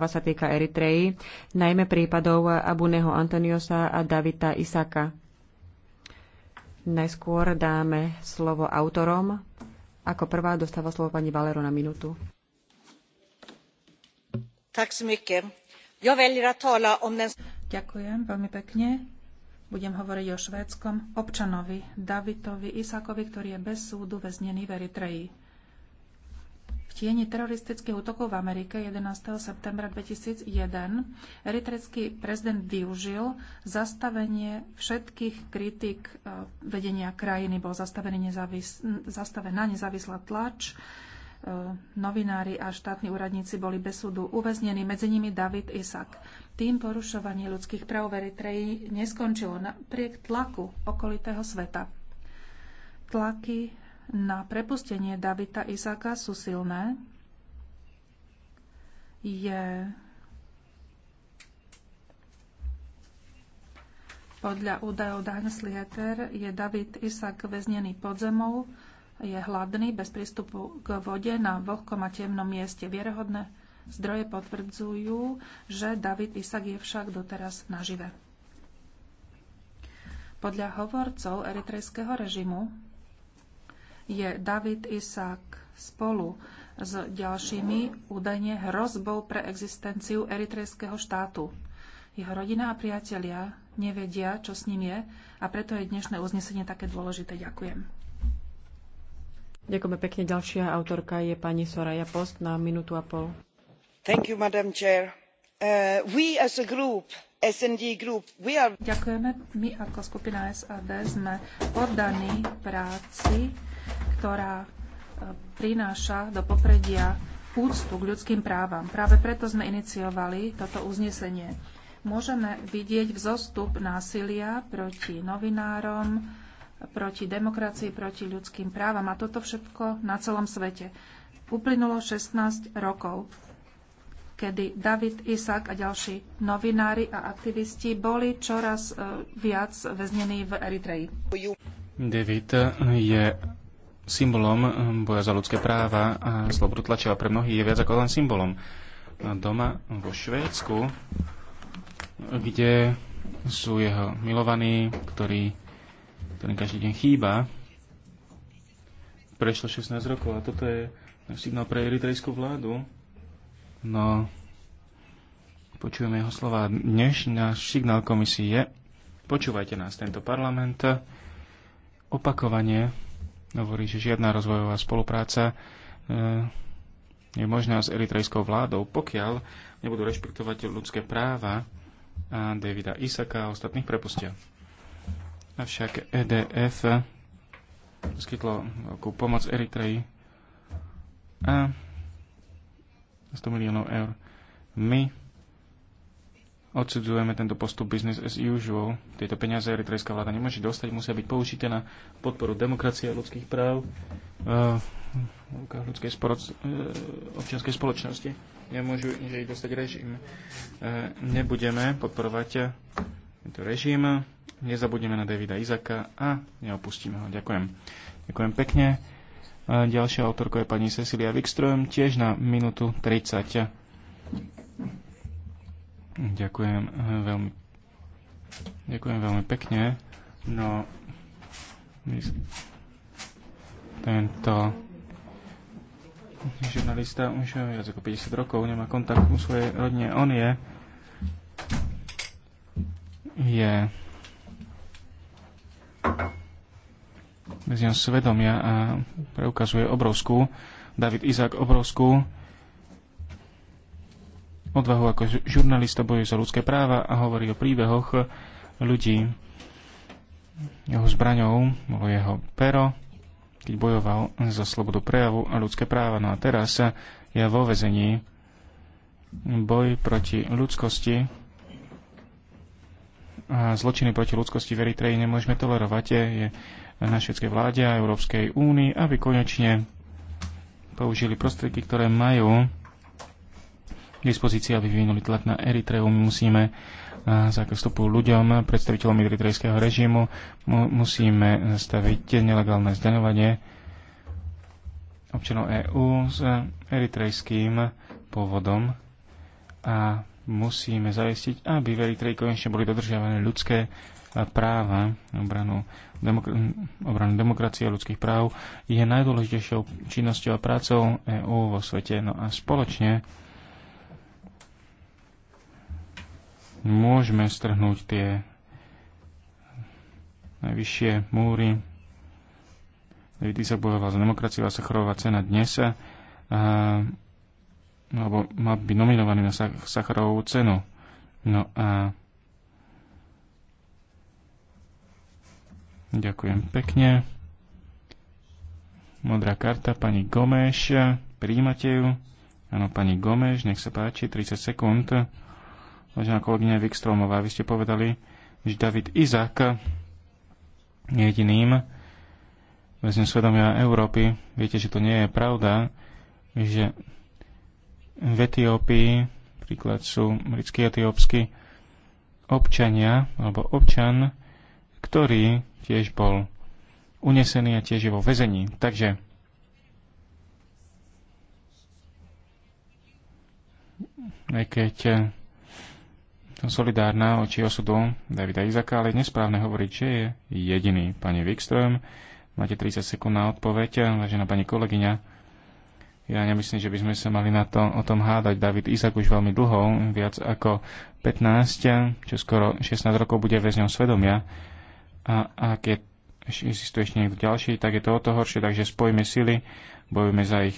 správa sa týka Eritreji, najmä prípadov Abuneho Antoniosa a Davita Isaka. Najskôr dáme slovo autorom. Ako prvá dostáva slovo pani Valero na minútu. Ďakujem veľmi pekne. Budem hovoriť o švédskom občanovi Davidovi Isakovi, ktorý je bez súdu väznený v Eritreji. V tieni teroristických útokov v Amerike 11. septembra 2001 eritrecký prezident využil zastavenie všetkých kritik e, vedenia krajiny. Bol zastavený nezávis- zastavená nezávislá tlač, e, novinári a štátni úradníci boli bez súdu uväznení, medzi nimi David Isak. Tým porušovanie ľudských práv v Eritreji neskončilo napriek tlaku okolitého sveta. Tlaky na prepustenie Davida Isaka sú silné. Je podľa údajov Danes Lieter je David Isak väznený pod zemou, je hladný, bez prístupu k vode na vlhkom a temnom mieste. vierhodné zdroje potvrdzujú, že David Isak je však doteraz nažive. Podľa hovorcov eritrejského režimu je David Isaac spolu s ďalšími údajne hrozbou pre existenciu eritrejského štátu. Jeho rodina a priatelia nevedia, čo s ním je a preto je dnešné uznesenie také dôležité. Ďakujem. Ďakujeme pekne. Ďalšia autorka je pani Soraya Post na minútu a pol. Thank you, Madam Chair. Uh, we as a group SND Group, we are... Ďakujeme. My ako skupina SAD sme poddaní práci ktorá e, prináša do popredia úctu k ľudským právam. Práve preto sme iniciovali toto uznesenie. Môžeme vidieť vzostup násilia proti novinárom, proti demokracii, proti ľudským právam a toto všetko na celom svete. Uplynulo 16 rokov, kedy David Isak a ďalší novinári a aktivisti boli čoraz e, viac väznení v Eritreji. David je symbolom ehm, boja za ľudské práva a slobodu tlačiva pre mnohých je viac ako len symbolom. Doma vo Švédsku, kde sú jeho milovaní, ktorý, ktorým každý deň chýba, prešlo 16 rokov a toto je signál pre eritrejskú vládu. No, počujeme jeho slova. náš signál komisie je, počúvajte nás, tento parlament, opakovanie hovorí, že žiadna rozvojová spolupráca e, je možná s eritrejskou vládou, pokiaľ nebudú rešpektovať ľudské práva a Davida Isaka a ostatných prepustia. Avšak EDF poskytlo veľkú pomoc Eritreji a 100 miliónov eur. My odsudzujeme tento postup business as usual. Tieto peniaze eritrejská vláda nemôže dostať, musia byť použité na podporu demokracie a ľudských práv uh, ľudskej sporoc- uh, občianskej spoločnosti. Nemôžu že dostať režim. Uh, nebudeme podporovať tento režim, nezabudneme na Davida Izaka a neopustíme ho. Ďakujem. Ďakujem pekne. ďalšia autorka je pani Cecilia Wikström, tiež na minútu 30. Ďakujem eh, veľmi, ďakujem veľmi pekne. No, tento žurnalista už viac ako 50 rokov nemá kontakt u svojej rodine. On je je bez svedomia a eh, preukazuje obrovskú David Izak obrovskú odvahu ako žurnalista, bojuje za ľudské práva a hovorí o príbehoch ľudí. Jeho zbraňou bolo jeho pero, keď bojoval za slobodu prejavu a ľudské práva. No a teraz je vo vezení boj proti ľudskosti a zločiny proti ľudskosti v Eritreji nemôžeme tolerovať. Je na švedskej vláde a Európskej únii, aby konečne použili prostriedky, ktoré majú k dispozícii, aby vyvinuli tlak na Eritreu. My musíme zákaz vstupu ľuďom, predstaviteľom eritrejského režimu, mu, musíme zastaviť nelegálne zdaňovanie občanov EÚ s eritrejským pôvodom a musíme zajistiť, aby v Eritreji konečne boli dodržiavané ľudské práva, obranu, demokra- obranu demokracie a ľudských práv je najdôležitejšou činnosťou a prácou EÚ vo svete. No a spoločne môžeme strhnúť tie najvyššie múry. Vždy sa bojoval za demokraciu a Sacharová cena dnes a, alebo mal byť nominovaný na Sacharovú cenu. No a ďakujem pekne. Modrá karta pani Gomeš. Príjmate ju? Áno, pani Gomeš, nech sa páči, 30 sekúnd. Vážená kolegyňa Vikstromová, vy ste povedali, že David Izak je jediným väzňom svedomia Európy. Viete, že to nie je pravda, že v Etiópii, príklad sú britskí etiópsky občania, alebo občan, ktorý tiež bol unesený a tiež je vo väzení. Takže aj keď som solidárna oči osudu Davida Izaka, ale nesprávne hovoriť, že je jediný. Pani Wikström, máte 30 sekúnd na odpoveď, vážená pani kolegyňa. Ja nemyslím, že by sme sa mali na to, o tom hádať. David Izak už veľmi dlho, viac ako 15, čo skoro 16 rokov bude väzňom svedomia. A ak je existuje ešte niekto ďalší, tak je to o to horšie, takže spojme sily, bojujme za ich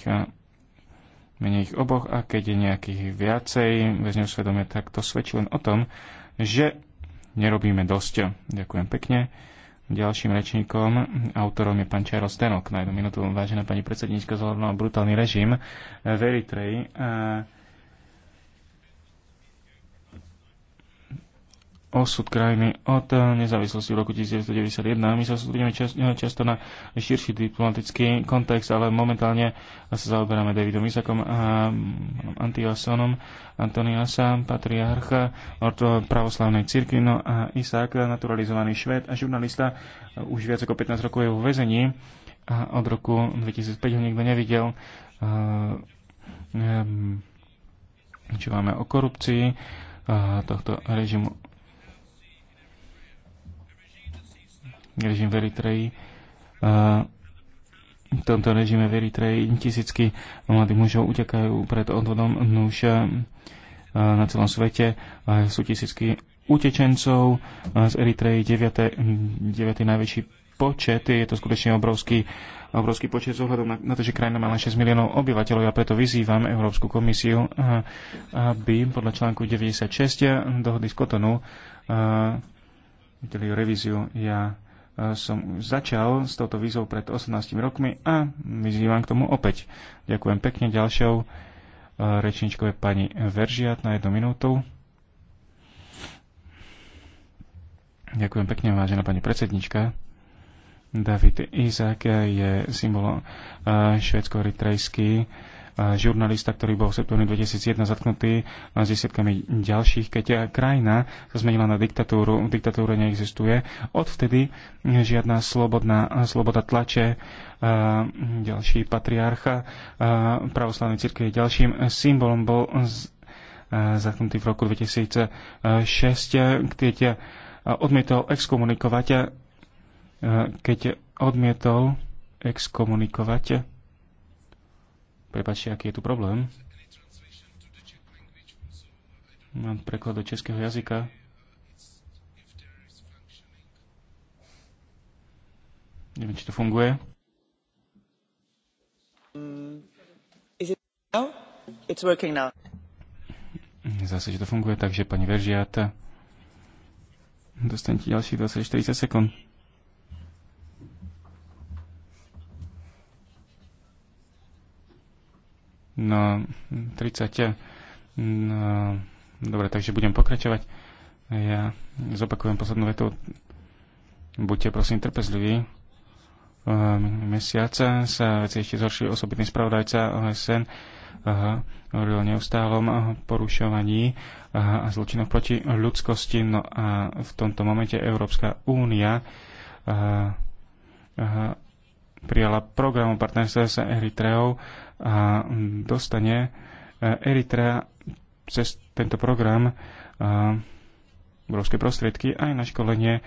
menej ich oboch a keď je nejakých viacej väzňov svedomia, tak to svedčí len o tom, že nerobíme dosť. Ďakujem pekne. Ďalším rečníkom, autorom je pán Charles Stenok. Na jednu minútu, vážená pani predsedníčka, zhodnú brutálny režim v Eritreji. osud krajiny od eh, nezávislosti v roku 1991. My sa sústredíme čas, eh, často na širší diplomatický kontext, ale momentálne sa zaoberáme Davidom Isakom a eh, Antiasonom. Antoniasa, patriarcha od pravoslavnej cirkvi, no a Isak, naturalizovaný švéd a žurnalista, už viac ako 15 rokov je vo vezení a od roku 2005 ho nikto nevidel. Čo máme o korupcii tohto režimu režim v Eritreji. V tomto režime v Eritreji tisícky mladých mužov utekajú pred odvodom nuž na celom svete. Sú tisícky utečencov z Eritreji 9. 9. najväčší počet. Je to skutočne obrovský, obrovský počet z na, na to, že krajina má len 6 miliónov obyvateľov. Ja preto vyzývam Európsku komisiu, aby podľa článku 96 dohody z Kotonu udelil revíziu. Ja som začal s touto výzvou pred 18 rokmi a vyzývam k tomu opäť. Ďakujem pekne. Ďalšou e, rečničkové je pani Veržiat na jednu minútu. Ďakujem pekne, vážená pani predsednička. David Izak je symbol e, švedsko ritrejský žurnalista, ktorý bol v septembri 2001 zatknutý s desiatkami ďalších, keď krajina sa zmenila na diktatúru, diktatúra neexistuje. Odvtedy žiadna slobodná, sloboda tlače, ďalší patriarcha, pravoslavnej cirkvi je ďalším symbolom, bol zatknutý v roku 2006, keď odmietol exkomunikovať, keď odmietol exkomunikovať Prepačte, aký je tu problém. Mám preklad do českého jazyka. Neviem, či to funguje. Zase, že to funguje, takže pani Veržiata, dostanete ďalších 20-40 sekúnd. No, 30. Eh, no, dobre, takže budem pokračovať. Ja zopakujem poslednú vetu. Buďte prosím trpezliví. Eh, Mesiaca sa veci ešte zhoršili. Osobitný spravodajca OSN eh, hovoril o neustálom porušovaní a zločinoch proti ľudskosti. No a v tomto momente Európska únia prijala program o partnerstve s Eritreou a dostane e, Eritrea cez tento program e, obrovské prostriedky aj na školenie e,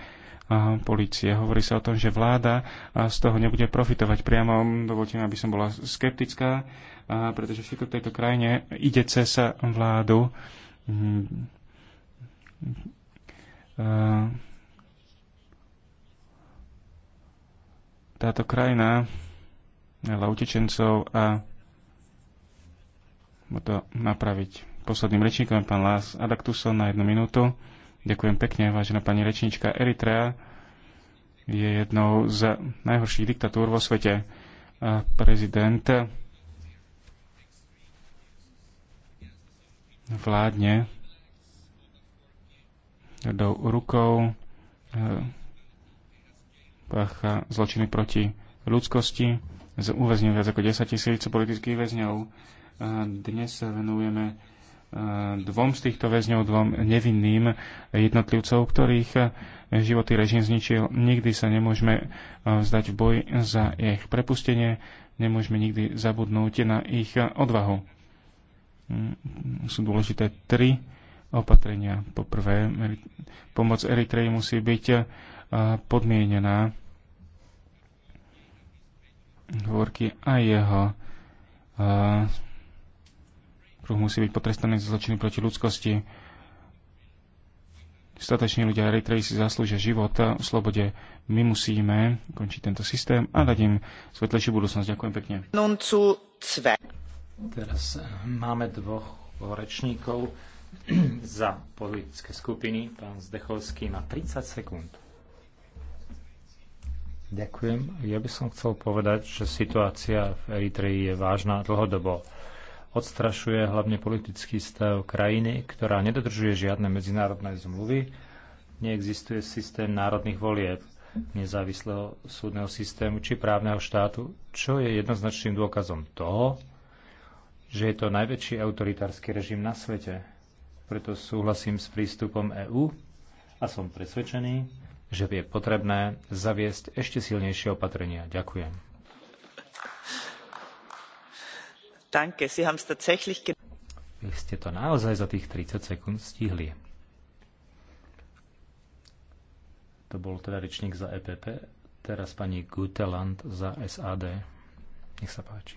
policie. Hovorí sa o tom, že vláda z toho nebude profitovať priamo. Dovolte mi, aby som bola skeptická, pretože všetko v tejto krajine ide cez vládu mm. Táto krajina veľa utečencov a to napraviť. Posledným rečníkom je pán Lás Adaktuson na jednu minútu. Ďakujem pekne, vážená pani rečníčka. Eritrea je jednou z najhorších diktatúr vo svete. A prezident vládne do rukou pácha eh, zločiny proti ľudskosti, z uväzňov viac ako 10 tisíc politických väzňov. Eh, dnes sa venujeme eh, dvom z týchto väzňov, dvom nevinným jednotlivcov, ktorých životy režim zničil. Nikdy sa nemôžeme vzdať v boj za ich prepustenie, nemôžeme nikdy zabudnúť na ich odvahu. Mm, sú dôležité tri opatrenia. Po prvé, pomoc Eritreji musí byť podmienená hovorky a jeho kruh musí byť potrestaný za zločiny proti ľudskosti. Stateční ľudia Eritreji si zaslúžia život v slobode. My musíme končiť tento systém a dať im svetlejšiu budúcnosť. Ďakujem pekne. Teraz eh, máme dvoch rečníkov za politické skupiny. Pán Zdechovský má 30 sekúnd. Ďakujem. Ja by som chcel povedať, že situácia v Eritreji je vážna dlhodobo. Odstrašuje hlavne politický stav krajiny, ktorá nedodržuje žiadne medzinárodné zmluvy, neexistuje systém národných volieb, nezávislého súdneho systému či právneho štátu, čo je jednoznačným dôkazom toho, že je to najväčší autoritársky režim na svete. Preto súhlasím s prístupom EÚ a som presvedčený, že je potrebné zaviesť ešte silnejšie opatrenia. Ďakujem. Danke, Sie haben es tatsächlich Vy ste to naozaj za tých 30 sekúnd stihli. To bol teda rečník za EPP. Teraz pani Guteland za SAD. Nech sa páči.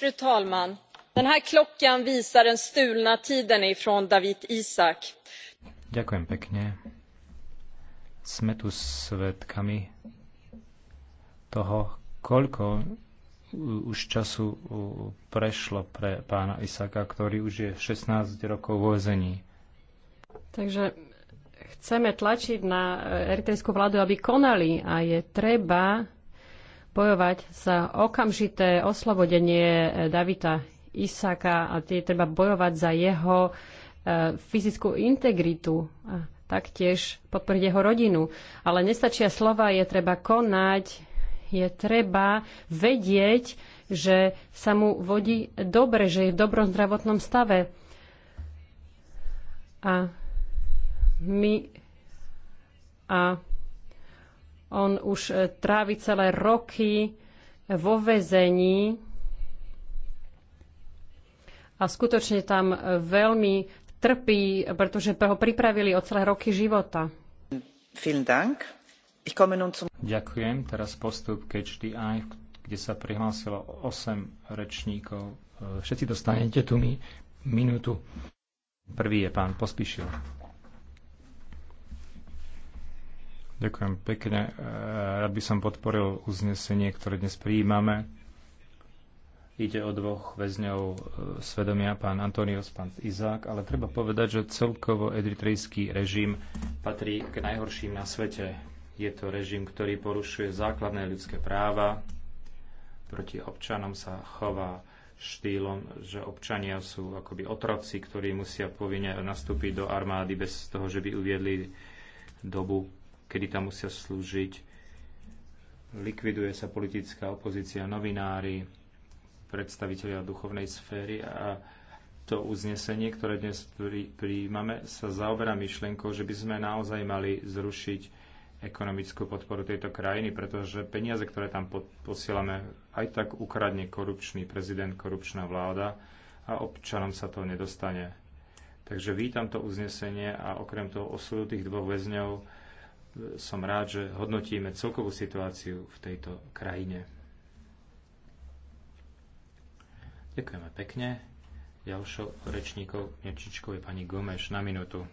Fru talman, den här klockan visar den stulna tiden ifrån David Isak. Ďakujem pekne sme tu svetkami toho, koľko už času prešlo pre pána Isaka, ktorý už je 16 rokov vo vezení. Takže chceme tlačiť na eritrejskú vládu, aby konali a je treba bojovať za okamžité oslobodenie eh, Davida Isaka a tie treba bojovať za jeho eh, fyzickú integritu taktiež podporiť jeho rodinu. Ale nestačia slova, je treba konať, je treba vedieť, že sa mu vodí dobre, že je v dobrom zdravotnom stave. A my a on už e, trávi celé roky vo väzení a skutočne tam e, veľmi trpí, pretože ho pripravili o celé roky života. Ďakujem. Teraz postup HDI, kde sa prihlásilo 8 rečníkov. E, všetci dostanete tu mi minútu. Prvý je pán Pospišil. Ďakujem pekne. E, rád by som podporil uznesenie, ktoré dnes prijímame Ide o dvoch väzňov e, svedomia, pán Antonios, pán Izák, ale treba povedať, že celkovo eritrejský režim patrí k najhorším na svete. Je to režim, ktorý porušuje základné ľudské práva, proti občanom sa chová štýlom, že občania sú akoby otroci, ktorí musia povinne nastúpiť do armády bez toho, že by uviedli dobu, kedy tam musia slúžiť. Likviduje sa politická opozícia, novinári, predstaviteľia duchovnej sféry a to uznesenie, ktoré dnes príjmame, sa zaoberá myšlienkou, že by sme naozaj mali zrušiť ekonomickú podporu tejto krajiny, pretože peniaze, ktoré tam posielame, aj tak ukradne korupčný prezident, korupčná vláda a občanom sa to nedostane. Takže vítam to uznesenie a okrem toho osudu tých dvoch väzňov e, som rád, že hodnotíme celkovú situáciu v tejto krajine. Ďakujeme pekne. Ďalšou rečníkov Nečičkou je pani Gomeš na minútu.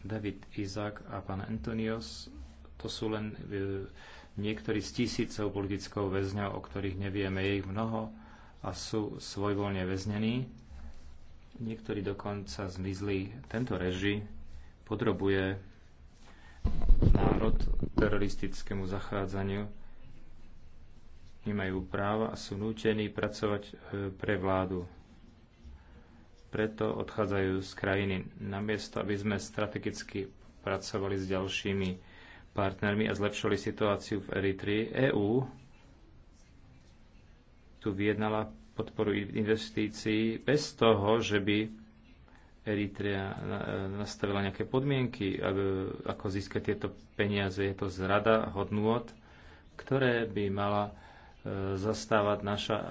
David Izak a pán Antonios, to sú len e, niektorí z tisícov politickou väzňov, o ktorých nevieme, je ich mnoho a sú svojvoľne väznení. Niektorí dokonca zmizli. Tento reži podrobuje národ teroristickému zachádzaniu nemajú práva a sú nútení pracovať e, pre vládu. Preto odchádzajú z krajiny namiesto, aby sme strategicky pracovali s ďalšími partnermi a zlepšili situáciu v Eritrii. EÚ tu vyjednala podporu investícií bez toho, že by Eritrea e, nastavila nejaké podmienky, e, ako získať tieto peniaze. Je to zrada hodnôt, ktoré by mala zastávať naša e,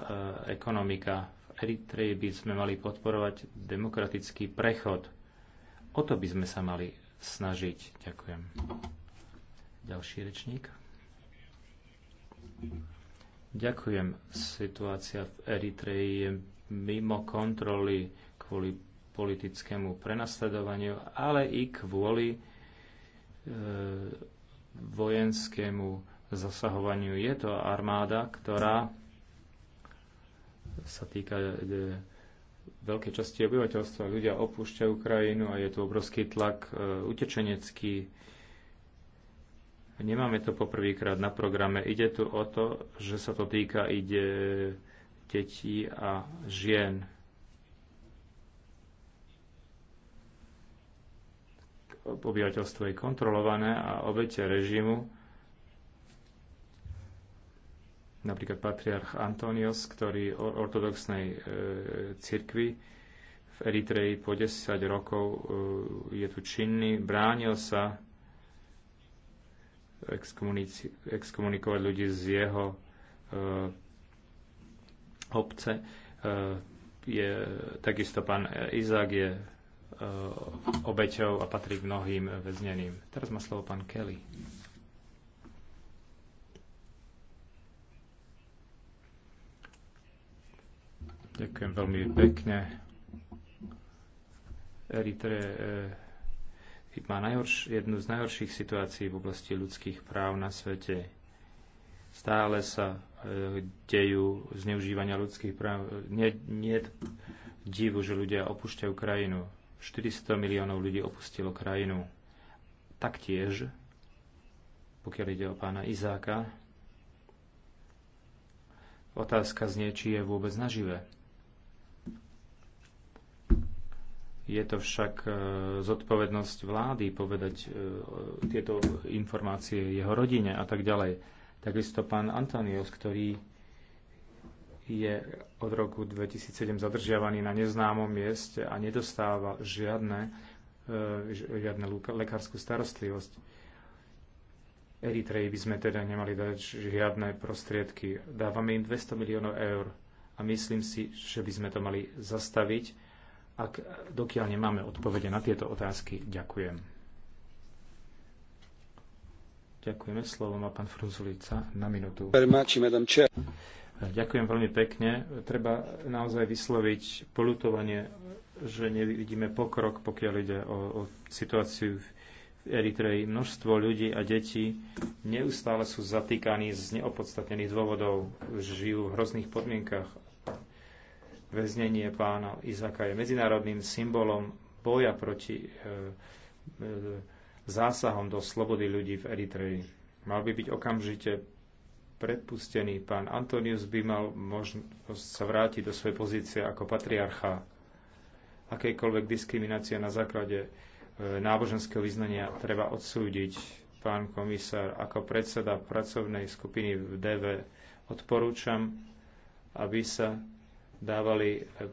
ekonomika. V Eritreji by sme mali podporovať demokratický prechod. O to by sme sa mali snažiť. Ďakujem. Ďalší rečník. Ďakujem. Situácia v Eritreji je mimo kontroly kvôli politickému prenasledovaniu, ale i kvôli e, vojenskému zasahovaniu. Je to armáda, ktorá sa týka e, veľkej časti obyvateľstva. Ľudia opúšťajú krajinu a je tu obrovský tlak e, utečenecký. Nemáme to poprvýkrát na programe. Ide tu o to, že sa to týka ide detí a žien. obyvateľstvo je kontrolované a obete režimu napríklad patriarch Antonios, ktorý ortodoxnej e, cirkvi v Eritreji po 10 rokov e, je tu činný, bránil sa exkomunikovať ľudí z jeho e, obce. Je, takisto pán Izák je obeťou a patrí k mnohým väzneným. Teraz má slovo pán Kelly. Ďakujem veľmi pekne. Eritre e, má najhorš, jednu z najhorších situácií v oblasti ľudských práv na svete. Stále sa e, dejú zneužívania ľudských práv. Nie, je divu, že ľudia opúšťajú krajinu. 400 miliónov ľudí opustilo krajinu. Taktiež, pokiaľ ide o pána Izáka, otázka znie, či je vôbec nažive. Je to však e, zodpovednosť vlády povedať e, tieto informácie jeho rodine a tak ďalej. Takisto pán Antonios, ktorý je od roku 2007 zadržiavaný na neznámom mieste a nedostáva žiadne, e, žiadne lekárskú starostlivosť. Eritreji by sme teda nemali dať žiadne prostriedky. Dávame im 200 miliónov eur a myslím si, že by sme to mali zastaviť ak dokiaľ nemáme odpovede na tieto otázky, ďakujem. Ďakujeme. Slovo má pán Frunzulica na minútu. Ďakujem veľmi pekne. Treba naozaj vysloviť polutovanie, že nevidíme pokrok, pokiaľ ide o, o situáciu v Eritreji. Množstvo ľudí a detí neustále sú zatýkaní z neopodstatnených dôvodov, žijú v hrozných podmienkach Väznenie pána Izaka je medzinárodným symbolom boja proti e, e, zásahom do slobody ľudí v Eritreji. Mal by byť okamžite predpustený. Pán Antonius by mal možnosť sa vrátiť do svojej pozície ako patriarcha. Akejkoľvek diskriminácie na základe e, náboženského vyznania treba odsúdiť. Pán komisár, ako predseda pracovnej skupiny v DV odporúčam, aby sa dávali, e, e,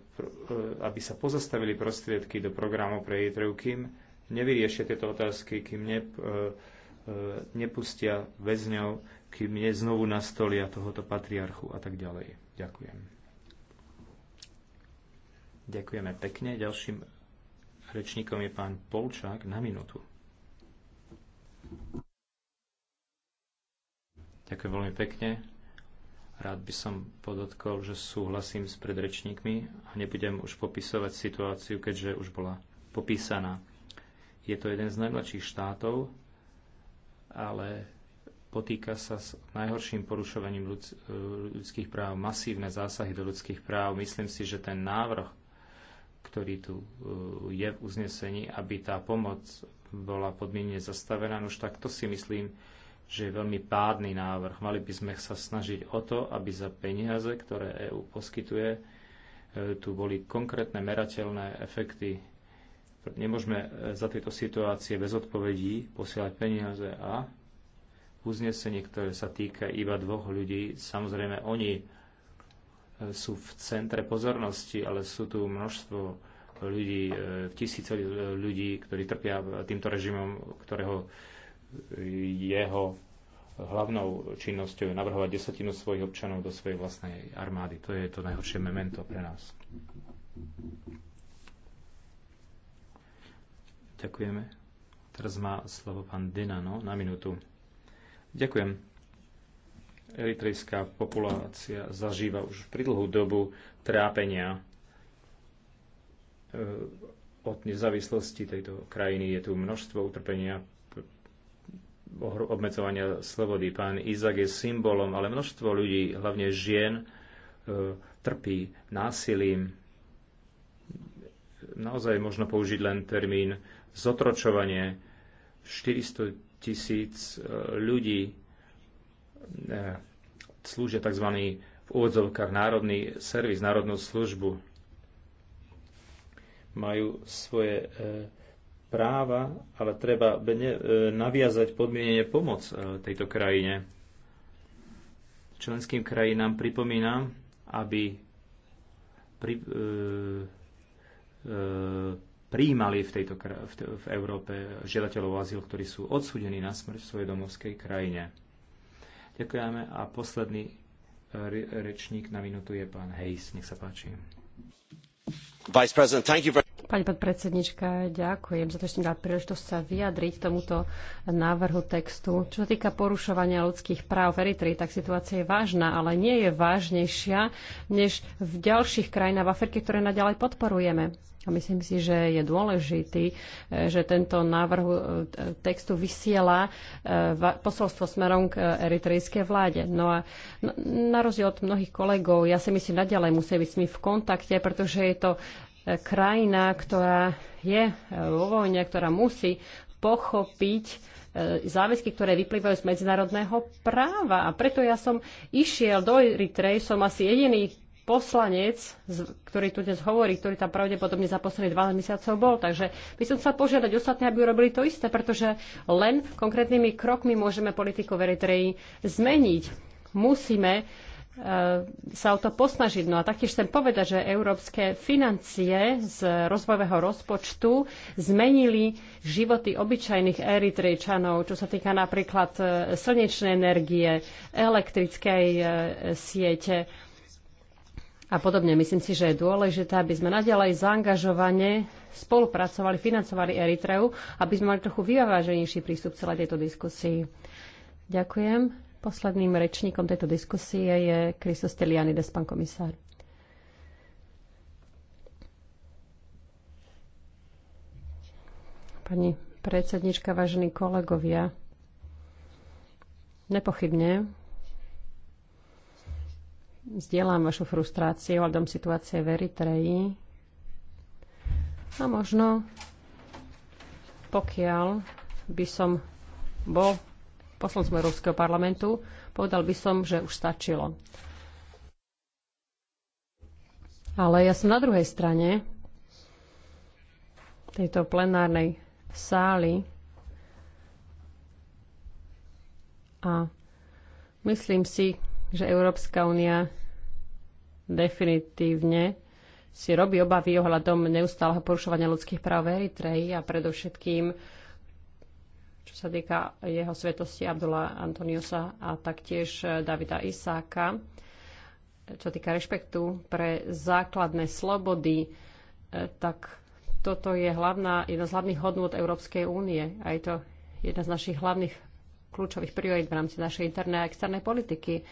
aby sa pozastavili prostriedky do programu pre Jitrev, kým nevyriešia tieto otázky, kým ne, e, nepustia väzňov, kým znovu nastolia tohoto patriarchu a tak ďalej. Ďakujem. Ďakujeme pekne. Ďalším rečníkom je pán Polčák na minútu. Ďakujem veľmi pekne. Rád by som podotkol, že súhlasím s predrečníkmi a nebudem už popisovať situáciu, keďže už bola popísaná. Je to jeden z najmladších štátov, ale potýka sa s najhorším porušovaním e, ľudských práv, masívne zásahy do ľudských práv. Myslím si, že ten návrh, ktorý tu e, je v uznesení, aby tá pomoc bola podmienne zastavená, no už takto si myslím, že je veľmi pádny návrh. Mali by sme sa snažiť o to, aby za peniaze, ktoré EÚ poskytuje, e, tu boli konkrétne merateľné efekty. Nemôžeme e, za tieto situácie bez odpovedí posielať peniaze a uznesenie, ktoré sa týka iba dvoch ľudí, samozrejme oni e, sú v centre pozornosti, ale sú tu množstvo ľudí, tisíce ľudí, ktorí trpia týmto režimom, ktorého jeho hlavnou činnosťou je navrhovať desatinu svojich občanov do svojej vlastnej armády. To je to najhoršie memento pre nás. Ďakujeme. Teraz má slovo pán Dinano na minútu. Ďakujem. Eritrejská populácia zažíva už pri dlhú dobu trápenia eh, od nezávislosti tejto krajiny. Je tu množstvo utrpenia, obmedzovania slobody. Pán Izak je symbolom, ale množstvo ľudí, hlavne žien, e, trpí násilím. Naozaj možno použiť len termín zotročovanie. 400 tisíc e, ľudí e, slúžia tzv. v úvodzovkách národný servis, národnú službu. Majú svoje práva, ale treba e, naviazať podmienenie pomoc e, tejto krajine. Členským krajinám pripomínam, aby pri, e, e, prijímali v, tejto, v, v Európe žiadateľov azyl, ktorí sú odsudení na smrť v svojej domovskej krajine. Ďakujeme a posledný e, rečník na minútu je pán Hayes. Nech sa páči. Vice President, thank you very Pani podpredsednička, ďakujem za to, že ste dali príležitosť sa vyjadriť tomuto návrhu textu. Čo sa týka porušovania ľudských práv v Eritrii, tak situácia je vážna, ale nie je vážnejšia než v ďalších krajinách v Afrike, ktoré naďalej podporujeme. A myslím si, že je dôležitý, e, že tento návrh e, textu vysiela e, posolstvo smerom k eritrejskej vláde. No a na rozdiel od mnohých kolegov, ja si myslím, naďalej musí byť s nimi v kontakte, pretože je to krajina, ktorá je e, vo vojne, ktorá musí pochopiť e, záväzky, ktoré vyplývajú z medzinárodného práva. A preto ja som išiel do Eritrej, som asi jediný poslanec, ktorý tu dnes hovorí, ktorý tam pravdepodobne za posledných 12 mesiacov bol. Takže by som chcel požiadať ostatní, aby urobili to isté, pretože len konkrétnymi krokmi môžeme politiku v Eritreji zmeniť. Musíme E, sa o to posnažiť. No a taktiež chcem povedať, že európske financie z rozvojového rozpočtu zmenili životy obyčajných Eritrejčanov, čo sa týka napríklad e, slnečnej energie, elektrickej e, siete a podobne. Myslím si, že je dôležité, aby sme nadalej zaangažovane spolupracovali, financovali Eritreu, aby sme mali trochu vyváženejší prístup k celej tejto diskusii. Ďakujem. Posledným rečníkom tejto diskusie je Kristo Stelianides, pán komisár. Pani predsednička, vážení kolegovia, nepochybne zdieľam vašu frustráciu ohľadom situácie v Eritreji. A možno, pokiaľ by som bol poslancom Európskeho parlamentu, povedal by som, že už stačilo. Ale ja som na druhej strane tejto plenárnej sály a myslím si, že Európska únia definitívne si robí obavy ohľadom neustáleho porušovania ľudských práv v Eritreji a predovšetkým čo sa týka jeho svetosti Abdula Antoniusa a taktiež eh, Davida Isáka, čo týka rešpektu pre základné slobody, eh, tak toto je hlavná, jedna z hlavných hodnôt Európskej únie a je to jedna z našich hlavných kľúčových priorít v rámci našej internej a externej politiky.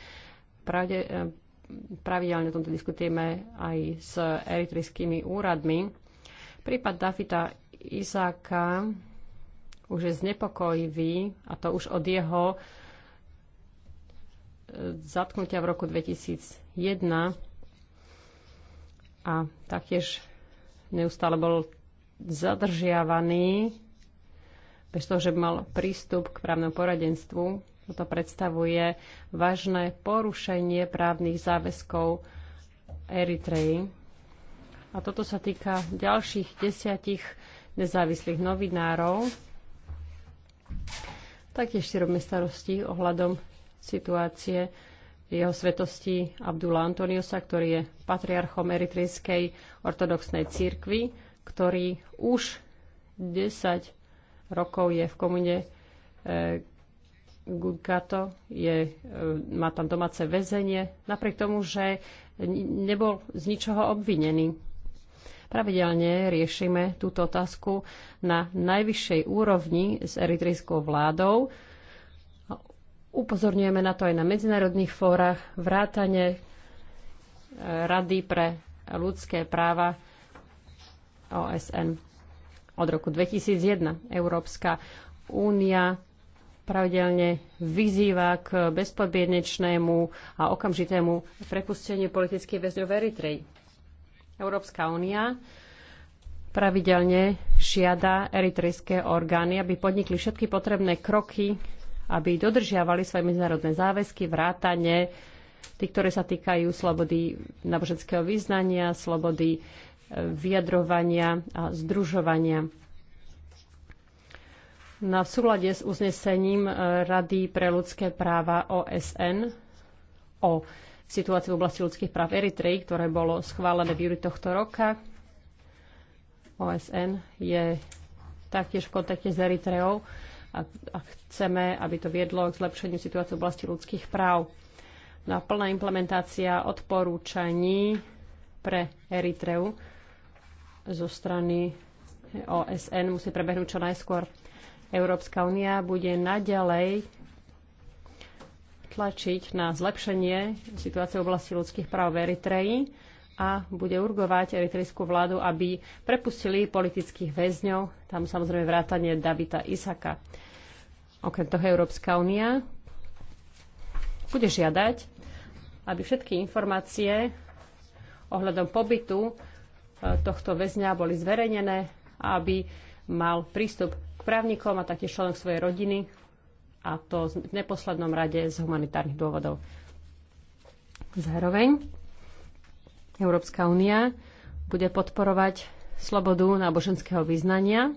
Pravde, eh, pravidelne o tomto diskutujeme aj s eritrickými úradmi. Prípad Davida Izáka už je znepokojivý, a to už od jeho e, zatknutia v roku 2001 a taktiež neustále bol zadržiavaný bez toho, že mal prístup k právnemu poradenstvu. Toto predstavuje vážne porušenie právnych záväzkov Eritreji. A toto sa týka ďalších desiatich nezávislých novinárov, Taktiež si robíme starosti ohľadom situácie jeho svetosti Abdula Antoniusa, ktorý je patriarchom eritrejskej ortodoxnej církvy, ktorý už 10 rokov je v komune e, Gudkato, je, e, má tam domáce väzenie, napriek tomu, že nebol z ničoho obvinený. Pravidelne riešime túto otázku na najvyššej úrovni s eritrejskou vládou. Upozorňujeme na to aj na medzinárodných fórach, vrátane e, Rady pre ľudské práva OSN od roku 2001. Európska únia pravidelne vyzýva k bezpodmienečnému a okamžitému prepusteniu politických väzňov v Eritreji. Európska únia pravidelne žiada eritrejské orgány, aby podnikli všetky potrebné kroky, aby dodržiavali svoje medzinárodné záväzky, vrátane tých, ktoré sa týkajú slobody náboženského význania, slobody e, vyjadrovania a združovania. Na v súlade s uznesením e, Rady pre ľudské práva OSN o situácie v oblasti ľudských práv Eritreji, ktoré bolo schválené v júri tohto roka. OSN je taktiež v kontakte s Eritreou a, a chceme, aby to viedlo k zlepšeniu situácie v oblasti ľudských práv. No a plná implementácia odporúčaní pre Eritreu zo strany OSN musí prebehnúť čo najskôr. Európska únia bude naďalej tlačiť na zlepšenie situácie v oblasti ľudských práv v Eritreji a bude urgovať eritrejskú vládu, aby prepustili politických väzňov, tam samozrejme vrátanie Davida Isaka. Okrem toho Európska únia bude žiadať, aby všetky informácie ohľadom pobytu e, tohto väzňa boli zverejnené a aby mal prístup k právnikom a taktiež členom svojej rodiny a to v neposlednom rade z humanitárnych dôvodov. Zároveň Európska únia bude podporovať slobodu náboženského vyznania.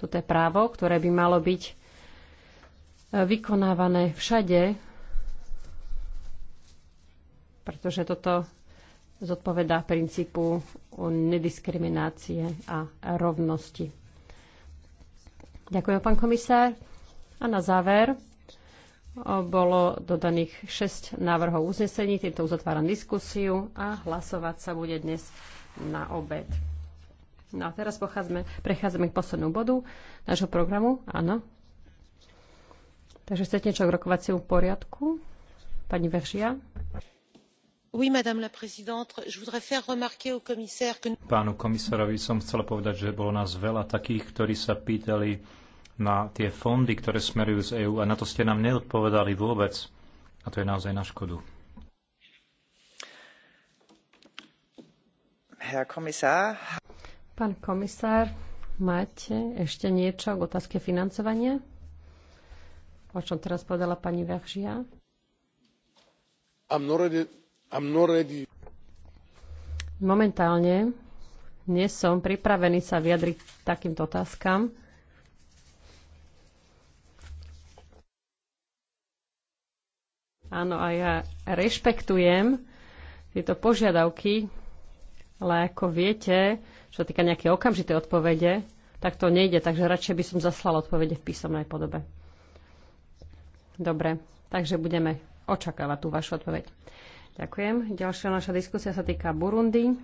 Toto je právo, ktoré by malo byť e, vykonávané všade, pretože toto zodpovedá princípu nediskriminácie a rovnosti. Ďakujem, pán komisár. A na záver bolo dodaných 6 návrhov uznesení. Týmto uzatváram diskusiu a hlasovať sa bude dnes na obed. No a teraz pochádzame, prechádzame k poslednú bodu nášho programu. Áno. Takže chcete niečo k rokovaciemu poriadku? Pani Veržia? Oui, madame la présidente, je voudrais faire remarquer au commissaire que... Pánu komisárovi som chcela povedať, že bolo nás veľa takých, ktorí sa pýtali, na tie fondy, ktoré smerujú z EÚ a na to ste nám neodpovedali vôbec. A to je naozaj na škodu. Komisár. Pán komisár, máte ešte niečo k otázke financovania? O čom teraz povedala pani ready. Momentálne nie som pripravený sa vyjadriť takýmto otázkam. Áno, a ja rešpektujem tieto požiadavky, ale ako viete, čo týka nejaké okamžité odpovede, tak to nejde, takže radšej by som zaslala odpovede v písomnej podobe. Dobre, takže budeme očakávať tú vašu odpoveď. Ďakujem. Ďalšia naša diskusia sa týka Burundi.